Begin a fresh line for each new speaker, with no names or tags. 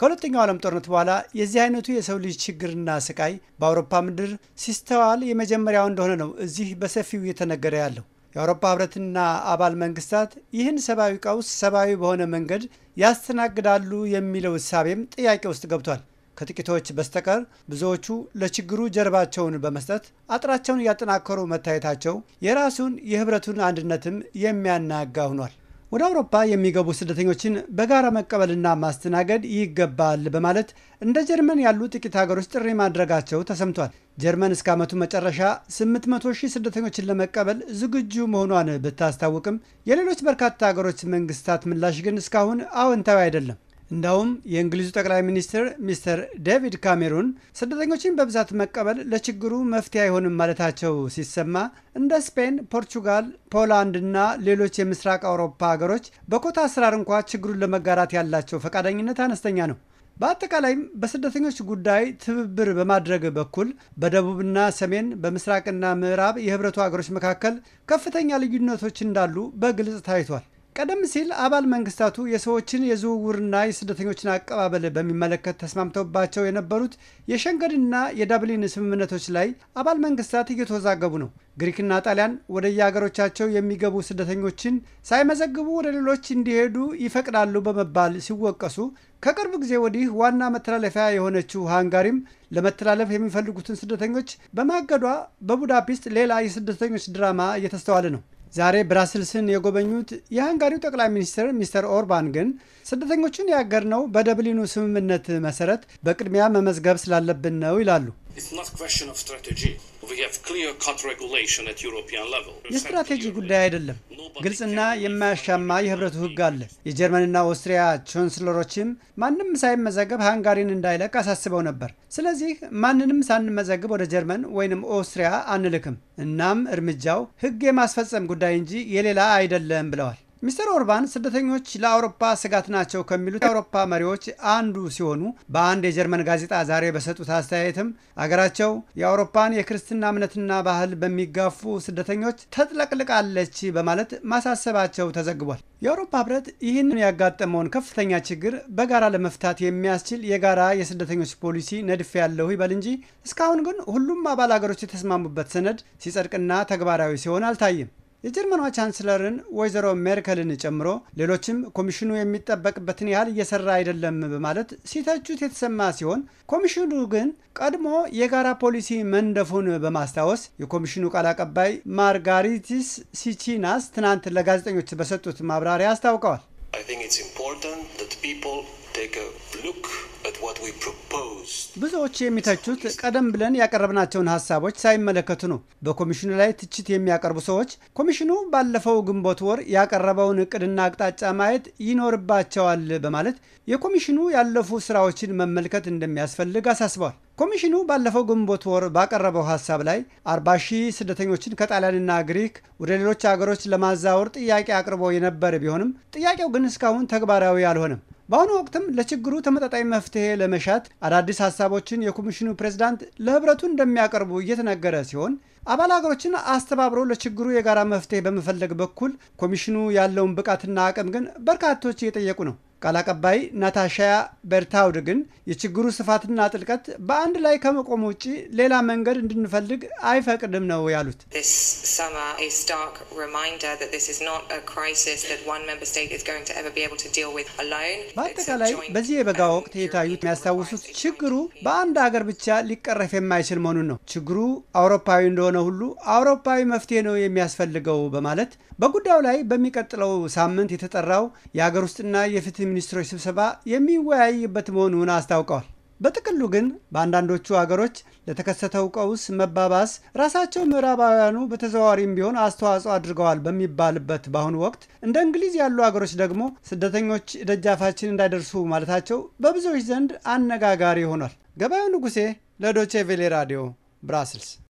ከሁለተኛው ዓለም ጦርነት በኋላ የዚህ አይነቱ የሰው ልጅ ችግርና ስቃይ በአውሮፓ ምድር ሲስተዋል የመጀመሪያው እንደሆነ ነው እዚህ በሰፊው እየተነገረ ያለው። የአውሮፓ ህብረትና አባል መንግስታት ይህን ሰብአዊ ቀውስ ሰብአዊ በሆነ መንገድ ያስተናግዳሉ የሚለው እሳቤም ጥያቄ ውስጥ ገብቷል። ከጥቂቶች በስተቀር ብዙዎቹ ለችግሩ ጀርባቸውን በመስጠት አጥራቸውን እያጠናከሩ መታየታቸው የራሱን የህብረቱን አንድነትም የሚያናጋ ሆኗል። ወደ አውሮፓ የሚገቡ ስደተኞችን በጋራ መቀበልና ማስተናገድ ይገባል በማለት እንደ ጀርመን ያሉ ጥቂት ሀገሮች ጥሪ ማድረጋቸው ተሰምቷል። ጀርመን እስከ ዓመቱ መጨረሻ 800 ሺህ ስደተኞችን ለመቀበል ዝግጁ መሆኗን ብታስታውቅም የሌሎች በርካታ ሀገሮች መንግስታት ምላሽ ግን እስካሁን አዎንታዊ አይደለም። እንዳውም የእንግሊዙ ጠቅላይ ሚኒስትር ሚስተር ዴቪድ ካሜሩን ስደተኞችን በብዛት መቀበል ለችግሩ መፍትሄ አይሆንም ማለታቸው ሲሰማ እንደ ስፔን፣ ፖርቹጋል፣ ፖላንድና ሌሎች የምስራቅ አውሮፓ ሀገሮች በኮታ አሰራር እንኳ ችግሩን ለመጋራት ያላቸው ፈቃደኝነት አነስተኛ ነው። በአጠቃላይም በስደተኞች ጉዳይ ትብብር በማድረግ በኩል በደቡብና ሰሜን በምስራቅና ምዕራብ የህብረቱ ሀገሮች መካከል ከፍተኛ ልዩነቶች እንዳሉ በግልጽ ታይቷል። ቀደም ሲል አባል መንግስታቱ የሰዎችን የዝውውርና የስደተኞችን አቀባበል በሚመለከት ተስማምተውባቸው የነበሩት የሸንገድና የዳብሊን ስምምነቶች ላይ አባል መንግስታት እየተወዛገቡ ነው። ግሪክና ጣሊያን ወደ የሀገሮቻቸው የሚገቡ ስደተኞችን ሳይመዘግቡ ወደ ሌሎች እንዲሄዱ ይፈቅዳሉ በመባል ሲወቀሱ፣ ከቅርብ ጊዜ ወዲህ ዋና መተላለፊያ የሆነችው ሃንጋሪም ለመተላለፍ የሚፈልጉትን ስደተኞች በማገዷ በቡዳፔስት ሌላ የስደተኞች ድራማ እየተስተዋለ ነው። ዛሬ ብራስልስን የጎበኙት የሃንጋሪው ጠቅላይ ሚኒስትር ሚስተር ኦርባን ግን ስደተኞችን ያገርነው በደብሊኑ ስምምነት መሰረት በቅድሚያ መመዝገብ ስላለብን ነው ይላሉ። የስትራቴጂ ጉዳይ አይደለም። ግልጽና የማያሻማ የህብረቱ ህግ አለ። የጀርመንና ኦስትሪያ ቻንስለሮችም ማንም ሳይመዘገብ ሃንጋሪን እንዳይለቅ አሳስበው ነበር። ስለዚህ ማንንም ሳንመዘግብ ወደ ጀርመን ወይንም ኦስትሪያ አንልክም። እናም እርምጃው ህግ የማስፈጸም ጉዳይ እንጂ የሌላ አይደለም ብለዋል። ሚስተር ኦርባን ስደተኞች ለአውሮፓ ስጋት ናቸው ከሚሉት የአውሮፓ መሪዎች አንዱ ሲሆኑ በአንድ የጀርመን ጋዜጣ ዛሬ በሰጡት አስተያየትም አገራቸው የአውሮፓን የክርስትና እምነትና ባህል በሚጋፉ ስደተኞች ተጥለቅልቃለች በማለት ማሳሰባቸው ተዘግቧል። የአውሮፓ ህብረት ይህንን ያጋጠመውን ከፍተኛ ችግር በጋራ ለመፍታት የሚያስችል የጋራ የስደተኞች ፖሊሲ ነድፍ ያለሁ ይበል እንጂ እስካሁን ግን ሁሉም አባል አገሮች የተስማሙበት ሰነድ ሲጸድቅና ተግባራዊ ሲሆን አልታይም። የጀርመኗ ቻንስለርን ወይዘሮ ሜርከልን ጨምሮ ሌሎችም ኮሚሽኑ የሚጠበቅበትን ያህል እየሰራ አይደለም በማለት ሲተቹት የተሰማ ሲሆን ኮሚሽኑ ግን ቀድሞ የጋራ ፖሊሲ መንደፉን በማስታወስ የኮሚሽኑ ቃል አቀባይ ማርጋሪቲስ ሲቺናስ ትናንት ለጋዜጠኞች በሰጡት ማብራሪያ አስታውቀዋል። ብዙዎች የሚተቹት ቀደም ብለን ያቀረብናቸውን ሀሳቦች ሳይመለከቱ ነው። በኮሚሽኑ ላይ ትችት የሚያቀርቡ ሰዎች ኮሚሽኑ ባለፈው ግንቦት ወር ያቀረበውን እቅድና አቅጣጫ ማየት ይኖርባቸዋል በማለት የኮሚሽኑ ያለፉ ስራዎችን መመልከት እንደሚያስፈልግ አሳስበዋል። ኮሚሽኑ ባለፈው ግንቦት ወር ባቀረበው ሀሳብ ላይ 40 ሺህ ስደተኞችን ከጣሊያንና ግሪክ ወደ ሌሎች አገሮች ለማዛወር ጥያቄ አቅርቦ የነበረ ቢሆንም ጥያቄው ግን እስካሁን ተግባራዊ አልሆነም። በአሁኑ ወቅትም ለችግሩ ተመጣጣኝ መፍትሄ ለመሻት አዳዲስ ሀሳቦችን የኮሚሽኑ ፕሬዝዳንት ለህብረቱ እንደሚያቀርቡ እየተነገረ ሲሆን አባል ሀገሮችን አስተባብሮ ለችግሩ የጋራ መፍትሄ በመፈለግ በኩል ኮሚሽኑ ያለውን ብቃትና አቅም ግን በርካቶች እየጠየቁ ነው። ቃል አቀባይ ናታሻያ በርታውድ ግን የችግሩ ስፋትና ጥልቀት በአንድ ላይ ከመቆም ውጭ ሌላ መንገድ እንድንፈልግ አይፈቅድም ነው ያሉት። በአጠቃላይ በዚህ የበጋ ወቅት የታዩት የሚያስታውሱት ችግሩ በአንድ አገር ብቻ ሊቀረፍ የማይችል መሆኑን ነው። ችግሩ አውሮፓዊ እንደሆነ እንደሆነ ሁሉ አውሮፓዊ መፍትሄ ነው የሚያስፈልገው በማለት በጉዳዩ ላይ በሚቀጥለው ሳምንት የተጠራው የአገር ውስጥና የፍትህ ሚኒስትሮች ስብሰባ የሚወያይበት መሆኑን አስታውቀዋል። በጥቅሉ ግን በአንዳንዶቹ አገሮች ለተከሰተው ቀውስ መባባስ ራሳቸው ምዕራባውያኑ በተዘዋዋሪም ቢሆን አስተዋጽኦ አድርገዋል በሚባልበት በአሁኑ ወቅት እንደ እንግሊዝ ያሉ አገሮች ደግሞ ስደተኞች ደጃፋችን እንዳይደርሱ ማለታቸው በብዙዎች ዘንድ አነጋጋሪ ሆኗል። ገበያው ንጉሴ ለዶቼ ቬሌ ራዲዮ ብራስልስ